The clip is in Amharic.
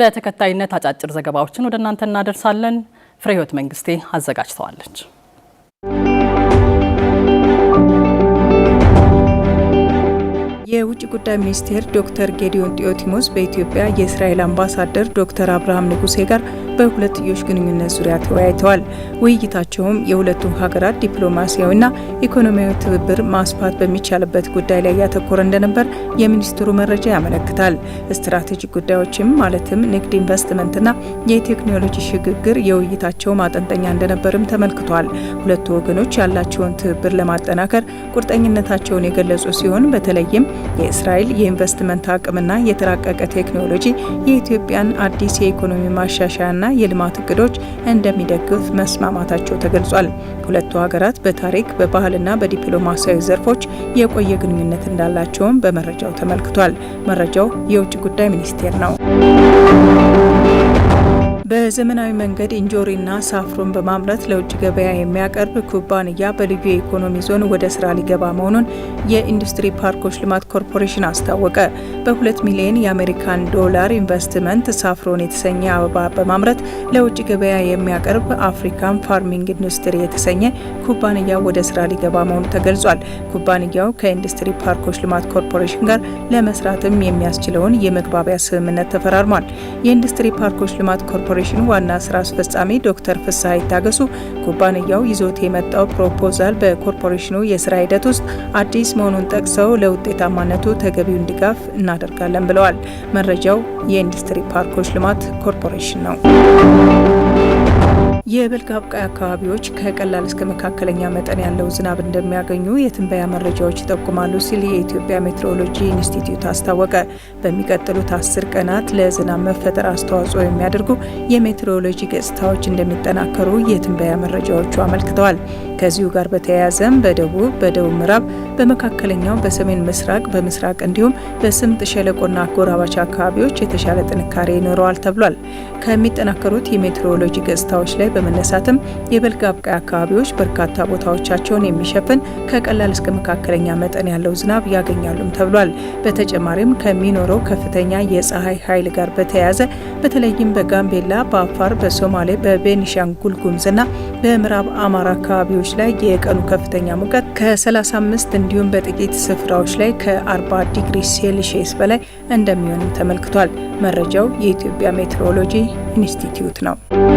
በተከታይነት አጫጭር ዘገባዎችን ወደ እናንተ እናደርሳለን። ፍሬህይወት መንግስቴ አዘጋጅተዋለች። የውጭ ጉዳይ ሚኒስቴር ዶክተር ጌዲዮን ጢሞቴዎስ በኢትዮጵያ የእስራኤል አምባሳደር ዶክተር አብርሃም ንጉሴ ጋር በሁለትዮሽ ግንኙነት ዙሪያ ተወያይተዋል። ውይይታቸውም የሁለቱ ሀገራት ዲፕሎማሲያዊና ኢኮኖሚያዊ ትብብር ማስፋት በሚቻልበት ጉዳይ ላይ ያተኮረ እንደነበር የሚኒስትሩ መረጃ ያመለክታል። ስትራቴጂክ ጉዳዮችም ማለትም ንግድ፣ ኢንቨስትመንትና የቴክኖሎጂ ሽግግር የውይይታቸው ማጠንጠኛ እንደነበርም ተመልክቷል። ሁለቱ ወገኖች ያላቸውን ትብብር ለማጠናከር ቁርጠኝነታቸውን የገለጹ ሲሆን በተለይም የእስራኤል የኢንቨስትመንት አቅምና የተራቀቀ ቴክኖሎጂ የኢትዮጵያን አዲስ የኢኮኖሚ ማሻሻያና የጋራና የልማት እቅዶች እንደሚደግፍ መስማማታቸው ተገልጿል። ሁለቱ ሀገራት በታሪክ በባህልና በዲፕሎማሲያዊ ዘርፎች የቆየ ግንኙነት እንዳላቸውም በመረጃው ተመልክቷል። መረጃው የውጭ ጉዳይ ሚኒስቴር ነው። በዘመናዊ መንገድ እንጆሪና ሳፍሮን በማምረት ለውጭ ገበያ የሚያቀርብ ኩባንያ በልዩ የኢኮኖሚ ዞን ወደ ስራ ሊገባ መሆኑን የኢንዱስትሪ ፓርኮች ልማት ኮርፖሬሽን አስታወቀ። በሁለት ሚሊዮን የአሜሪካን ዶላር ኢንቨስትመንት ሳፍሮን የተሰኘ አበባ በማምረት ለውጭ ገበያ የሚያቀርብ አፍሪካን ፋርሚንግ ኢንዱስትሪ የተሰኘ ኩባንያ ወደ ስራ ሊገባ መሆኑ ተገልጿል። ኩባንያው ከኢንዱስትሪ ፓርኮች ልማት ኮርፖሬሽን ጋር ለመስራትም የሚያስችለውን የመግባቢያ ስምምነት ተፈራርሟል። የኢንዱስትሪ ፓርኮች ልማት ኮርፖሬሽን ኮርፖሬሽን ዋና ስራ አስፈጻሚ ዶክተር ፍስሐ ይታገሱ ኩባንያው ይዞት የመጣው ፕሮፖዛል በኮርፖሬሽኑ የስራ ሂደት ውስጥ አዲስ መሆኑን ጠቅሰው ለውጤታማነቱ ተገቢውን ድጋፍ እናደርጋለን ብለዋል። መረጃው የኢንዱስትሪ ፓርኮች ልማት ኮርፖሬሽን ነው። የበልግ አብቃይ አካባቢዎች ከቀላል እስከ መካከለኛ መጠን ያለው ዝናብ እንደሚያገኙ የትንበያ መረጃዎች ይጠቁማሉ ሲል የኢትዮጵያ ሜትሮሎጂ ኢንስቲትዩት አስታወቀ። በሚቀጥሉት አስር ቀናት ለዝናብ መፈጠር አስተዋጽኦ የሚያደርጉ የሜትሮሎጂ ገጽታዎች እንደሚጠናከሩ የትንበያ መረጃዎቹ አመልክተዋል። ከዚሁ ጋር በተያያዘም በደቡብ፣ በደቡብ ምዕራብ፣ በመካከለኛው፣ በሰሜን ምስራቅ፣ በምስራቅ እንዲሁም በስምጥ ሸለቆና አጎራባች አካባቢዎች የተሻለ ጥንካሬ ይኖረዋል ተብሏል። ከሚጠናከሩት የሜትሮሎጂ ገጽታዎች ላይ በመነሳትም የበልግ አብቃይ አካባቢዎች በርካታ ቦታዎቻቸውን የሚሸፍን ከቀላል እስከ መካከለኛ መጠን ያለው ዝናብ ያገኛሉም ተብሏል። በተጨማሪም ከሚኖረው ከፍተኛ የፀሐይ ኃይል ጋር በተያያዘ በተለይም በጋምቤላ፣ በአፋር፣ በሶማሌ፣ በቤኒሻንጉል ጉሙዝና በምዕራብ አማራ አካባቢዎች ላይ የቀኑ ከፍተኛ ሙቀት ከ35 እንዲሁም በጥቂት ስፍራዎች ላይ ከ40 ዲግሪ ሴልሺየስ በላይ እንደሚሆንም ተመልክቷል። መረጃው የኢትዮጵያ ሜትሮሎጂ ኢንስቲትዩት ነው።